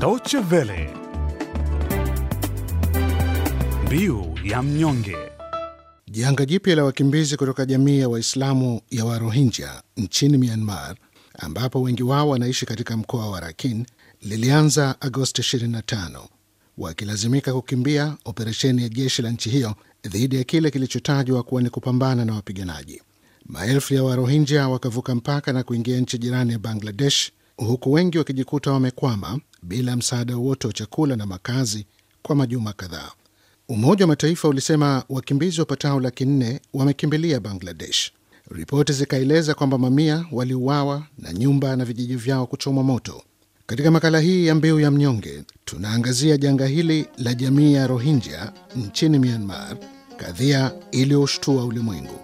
Deutsche Welle, mbiu ya mnyonge. Janga jipya la wakimbizi kutoka jamii ya Waislamu ya Warohinja nchini Myanmar, ambapo wengi wao wanaishi katika mkoa wa Rakhine, lilianza Agosti 25 wakilazimika kukimbia operesheni ya jeshi la nchi hiyo dhidi ya kile kilichotajwa kuwa ni kupambana na wapiganaji maelfu ya Warohinja wakavuka mpaka na kuingia nchi jirani ya Bangladesh, huku wengi wakijikuta wamekwama bila msaada wowote wa chakula na makazi kwa majuma kadhaa. Umoja wa Mataifa ulisema wakimbizi wapatao laki nne wamekimbilia Bangladesh. Ripoti zikaeleza kwamba mamia waliuawa na nyumba na vijiji vyao kuchomwa moto. Katika makala hii ya Mbiu ya Mnyonge tunaangazia janga hili la jamii ya Rohingya nchini Myanmar, kadhia iliyoshtua ulimwengu.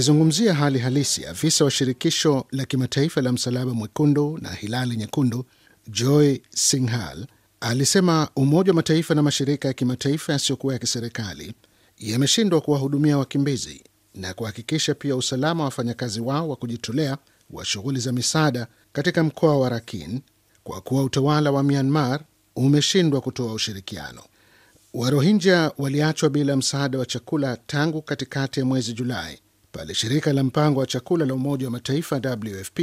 Akizungumzia hali halisi afisa wa shirikisho la kimataifa la msalaba mwekundu na hilali nyekundu Joy Singhal alisema Umoja wa Mataifa na mashirika ya kimataifa yasiyokuwa ya kiserikali yameshindwa kuwahudumia wakimbizi na kuhakikisha pia usalama wa wafanyakazi wao wa kujitolea wa shughuli za misaada katika mkoa wa rakin kwa kuwa utawala wa Myanmar umeshindwa kutoa ushirikiano. Warohinja waliachwa bila msaada wa chakula tangu katikati ya mwezi Julai pale shirika la mpango wa chakula la Umoja wa Mataifa WFP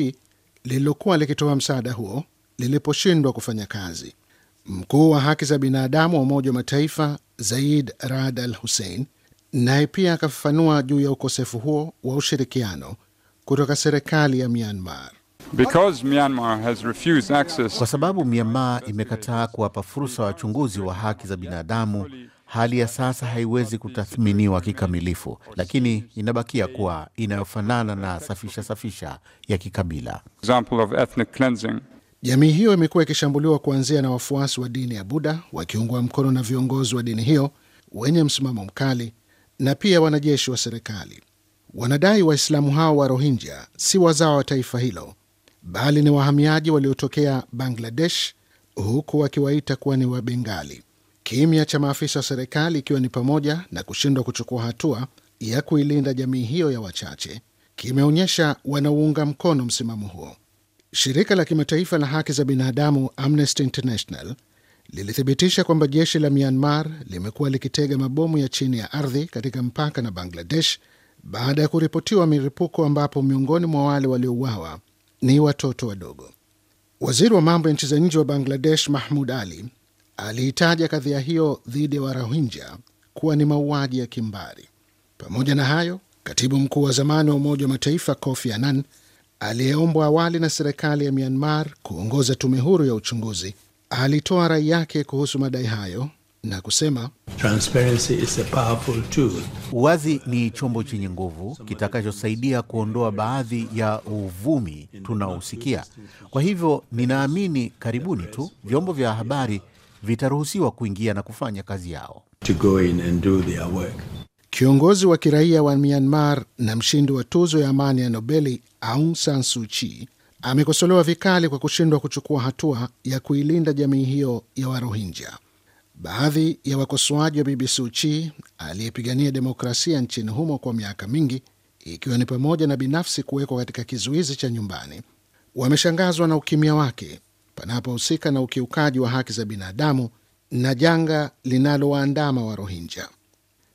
lililokuwa likitoa msaada huo liliposhindwa kufanya kazi. Mkuu wa haki za binadamu wa Umoja wa Mataifa Zaid Rad Al Hussein naye pia akafafanua juu ya ukosefu huo wa ushirikiano kutoka serikali ya Myanmar. Because Myanmar has refused access... kwa sababu Myanmar imekataa kuwapa fursa wachunguzi wa haki za binadamu Hali ya sasa haiwezi kutathminiwa kikamilifu, lakini inabakia kuwa inayofanana na safisha safisha ya kikabila. Jamii hiyo imekuwa ikishambuliwa kuanzia na wafuasi wa dini ya Buda wakiungwa mkono na viongozi wa dini hiyo wenye msimamo mkali na pia wanajeshi wa serikali. Wanadai Waislamu hao wa Rohingya si wazao wa taifa hilo, bali ni wahamiaji waliotokea Bangladesh, huku wakiwaita kuwa ni Wabengali. Kimya cha maafisa wa serikali ikiwa ni pamoja na kushindwa kuchukua hatua ya kuilinda jamii hiyo ya wachache kimeonyesha wanauunga mkono msimamo huo. Shirika la kimataifa la haki za binadamu Amnesty International lilithibitisha kwamba jeshi la Myanmar limekuwa likitega mabomu ya chini ya ardhi katika mpaka na Bangladesh baada ya kuripotiwa milipuko ambapo miongoni mwa wale waliouawa ni watoto wadogo. Waziri wa mambo ya nchi za nje wa Bangladesh Mahmud Ali aliitaja kadhia hiyo dhidi ya Warohinja kuwa ni mauaji ya kimbari. Pamoja na hayo, katibu mkuu wa zamani wa Umoja wa Mataifa Kofi Annan aliyeombwa awali na serikali ya Myanmar kuongoza tume huru ya uchunguzi alitoa rai yake kuhusu madai hayo na kusema uwazi ni chombo chenye nguvu kitakachosaidia kuondoa baadhi ya uvumi tunaohusikia Kwa hivyo ninaamini karibuni tu vyombo vya habari vitaruhusiwa kuingia na kufanya kazi yao. Kiongozi wa kiraia wa Myanmar na mshindi wa tuzo ya amani ya Nobeli Aung San Suu Kyi amekosolewa vikali kwa kushindwa kuchukua hatua ya kuilinda jamii hiyo ya Warohinja. Baadhi ya wakosoaji wa Bibi Suu Kyi aliyepigania demokrasia nchini humo kwa miaka mingi, ikiwa ni pamoja na binafsi kuwekwa katika kizuizi cha nyumbani, wameshangazwa na ukimya wake panapohusika na ukiukaji wa haki za binadamu na janga linalowaandama wa Rohingya.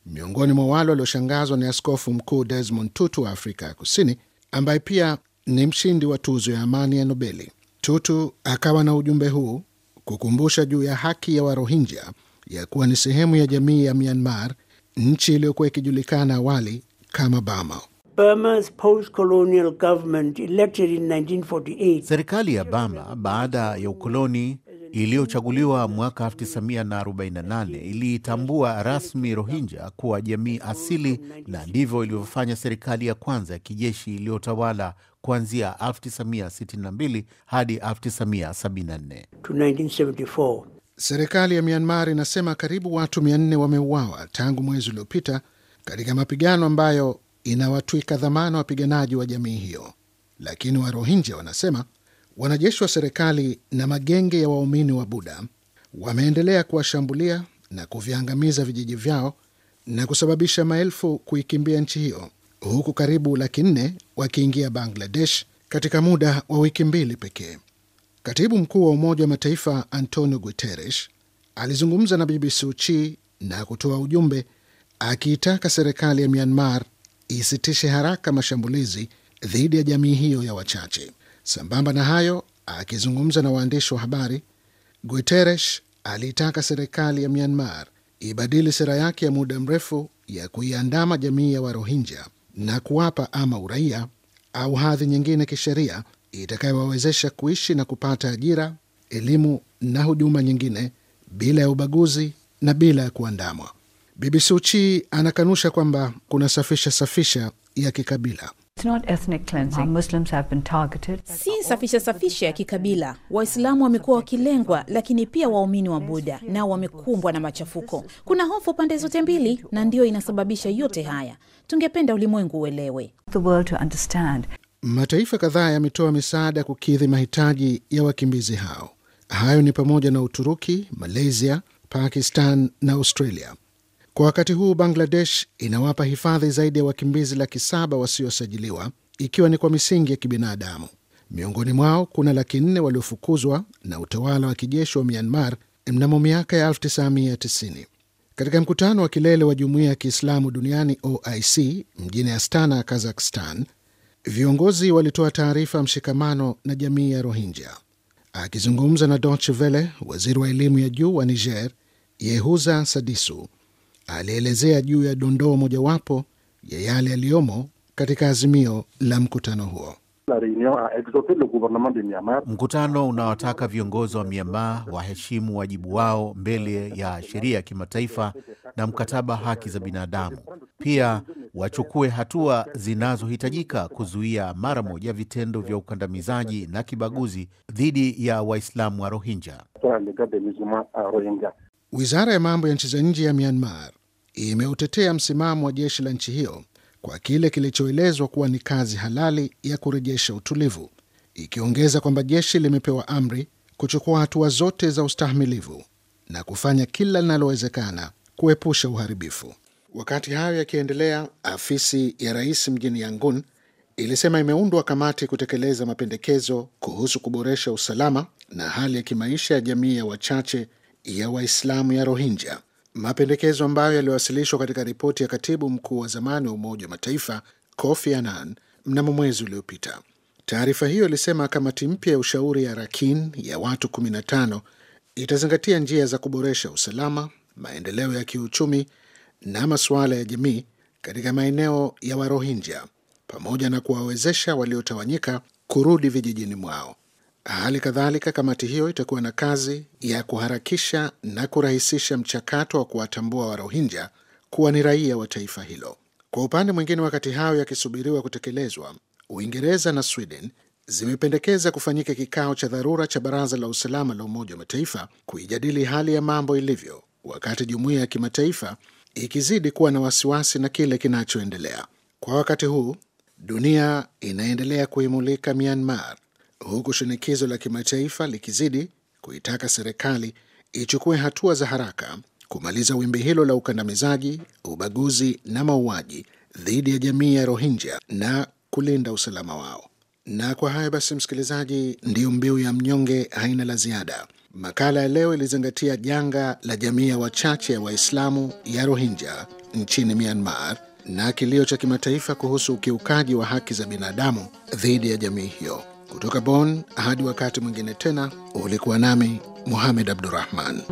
Miongoni mwa wale walioshangazwa ni askofu mkuu Desmond Tutu wa Afrika ya Kusini, ambaye pia ni mshindi wa tuzo ya amani ya Nobeli. Tutu akawa na ujumbe huu kukumbusha juu ya haki ya Warohinja ya kuwa ni sehemu ya jamii ya Myanmar, nchi iliyokuwa ikijulikana awali kama Burma. Burma's post-colonial government elected in 1948. Serikali ya Burma baada ya ukoloni iliyochaguliwa mwaka 1948 iliitambua rasmi Rohingya kuwa jamii asili, na ndivyo ilivyofanya serikali ya kwanza ya kijeshi iliyotawala kuanzia 1962 hadi 1974 to 1974. Serikali ya Myanmar inasema karibu watu 400 wameuawa tangu mwezi uliopita katika mapigano ambayo inawatwika dhamana wapiganaji wa jamii hiyo, lakini Warohinja wanasema wanajeshi wa serikali na magenge ya waumini wa Buda wameendelea kuwashambulia na kuviangamiza vijiji vyao na kusababisha maelfu kuikimbia nchi hiyo, huku karibu laki nne wakiingia Bangladesh katika muda wa wiki mbili pekee. Katibu mkuu wa Umoja wa Mataifa Antonio Guterres alizungumza na BBC Uchi na kutoa ujumbe akiitaka serikali ya Myanmar isitishe haraka mashambulizi dhidi ya jamii hiyo ya wachache. Sambamba na hayo, akizungumza na waandishi wa habari, Guterres aliitaka serikali ya Myanmar ibadili sera yake ya muda mrefu ya kuiandama jamii ya Warohinja na kuwapa ama uraia au hadhi nyingine kisheria itakayowawezesha kuishi na kupata ajira, elimu na huduma nyingine bila ya ubaguzi na bila ya kuandamwa. Bibi Suchi anakanusha kwamba kuna safisha safisha ya kikabila. Si safisha safisha ya kikabila. Waislamu wamekuwa wakilengwa, lakini pia waumini wa buda nao wamekumbwa na machafuko. Kuna hofu pande zote mbili, na ndiyo inasababisha yote haya. Tungependa ulimwengu uelewe. Mataifa kadhaa yametoa misaada kukidhi mahitaji ya wakimbizi hao. Hayo ni pamoja na Uturuki, Malaysia, Pakistan na Australia. Kwa wakati huu Bangladesh inawapa hifadhi zaidi ya wakimbizi laki saba wasiosajiliwa ikiwa ni kwa misingi ya kibinadamu. Miongoni mwao kuna laki nne waliofukuzwa na utawala wa kijeshi wa Myanmar mnamo miaka ya 1990. Katika mkutano wa kilele wa jumuiya ya Kiislamu duniani OIC mjini Astana, Kazakhstan, viongozi walitoa taarifa ya mshikamano na jamii ya Rohingya. Akizungumza na Deutsche Welle, waziri wa elimu ya juu wa Niger Yehuza Sadisu alielezea juu ya dondoo mojawapo ya yale yaliyomo katika azimio la mkutano huo. Mkutano unawataka viongozi wa Myanmar waheshimu wajibu wao mbele ya sheria ya kimataifa na mkataba haki za binadamu. Pia wachukue hatua zinazohitajika kuzuia mara moja vitendo vya ukandamizaji na kibaguzi dhidi ya Waislamu wa Rohingya. Wizara ya mambo ya nchi za nje ya Myanmar imeutetea msimamo wa jeshi la nchi hiyo kwa kile kilichoelezwa kuwa ni kazi halali ya kurejesha utulivu, ikiongeza kwamba jeshi limepewa amri kuchukua hatua zote za ustahimilivu na kufanya kila linalowezekana kuepusha uharibifu. Wakati hayo yakiendelea, afisi ya rais mjini Yangon ilisema imeundwa kamati kutekeleza mapendekezo kuhusu kuboresha usalama na hali ya kimaisha ya jamii ya wachache ya Waislamu ya Rohingya, mapendekezo ambayo yaliwasilishwa katika ripoti ya katibu mkuu wa zamani wa Umoja wa Mataifa Kofi Annan mnamo mwezi uliopita. Taarifa hiyo ilisema kamati mpya ya ushauri ya Rakin ya watu 15 itazingatia njia za kuboresha usalama, maendeleo ya kiuchumi na masuala ya jamii katika maeneo ya Warohinja pamoja na kuwawezesha waliotawanyika kurudi vijijini mwao. Hali kadhalika kamati hiyo itakuwa na kazi ya kuharakisha na kurahisisha mchakato wa kuwatambua wa rohinja kuwa ni raia wa taifa hilo. Kwa upande mwingine, wakati hayo yakisubiriwa kutekelezwa, Uingereza na Sweden zimependekeza kufanyika kikao cha dharura cha Baraza la Usalama la Umoja wa Mataifa kuijadili hali ya mambo ilivyo, wakati jumuiya ya kimataifa ikizidi kuwa na wasiwasi na kile kinachoendelea. Kwa wakati huu dunia inaendelea kuimulika Myanmar huku shinikizo la kimataifa likizidi kuitaka serikali ichukue hatua za haraka kumaliza wimbi hilo la ukandamizaji, ubaguzi na mauaji dhidi ya jamii ya Rohingya na kulinda usalama wao. Na kwa haya basi, msikilizaji, ndiyo mbiu ya mnyonge haina la ziada. Makala ya leo ilizingatia janga la jamii ya wachache Waislamu ya Rohingya nchini Myanmar na kilio cha kimataifa kuhusu ukiukaji wa haki za binadamu dhidi ya jamii hiyo. Kutoka bon hadi wakati mwingine tena, ulikuwa nami Muhamed Abdurahman.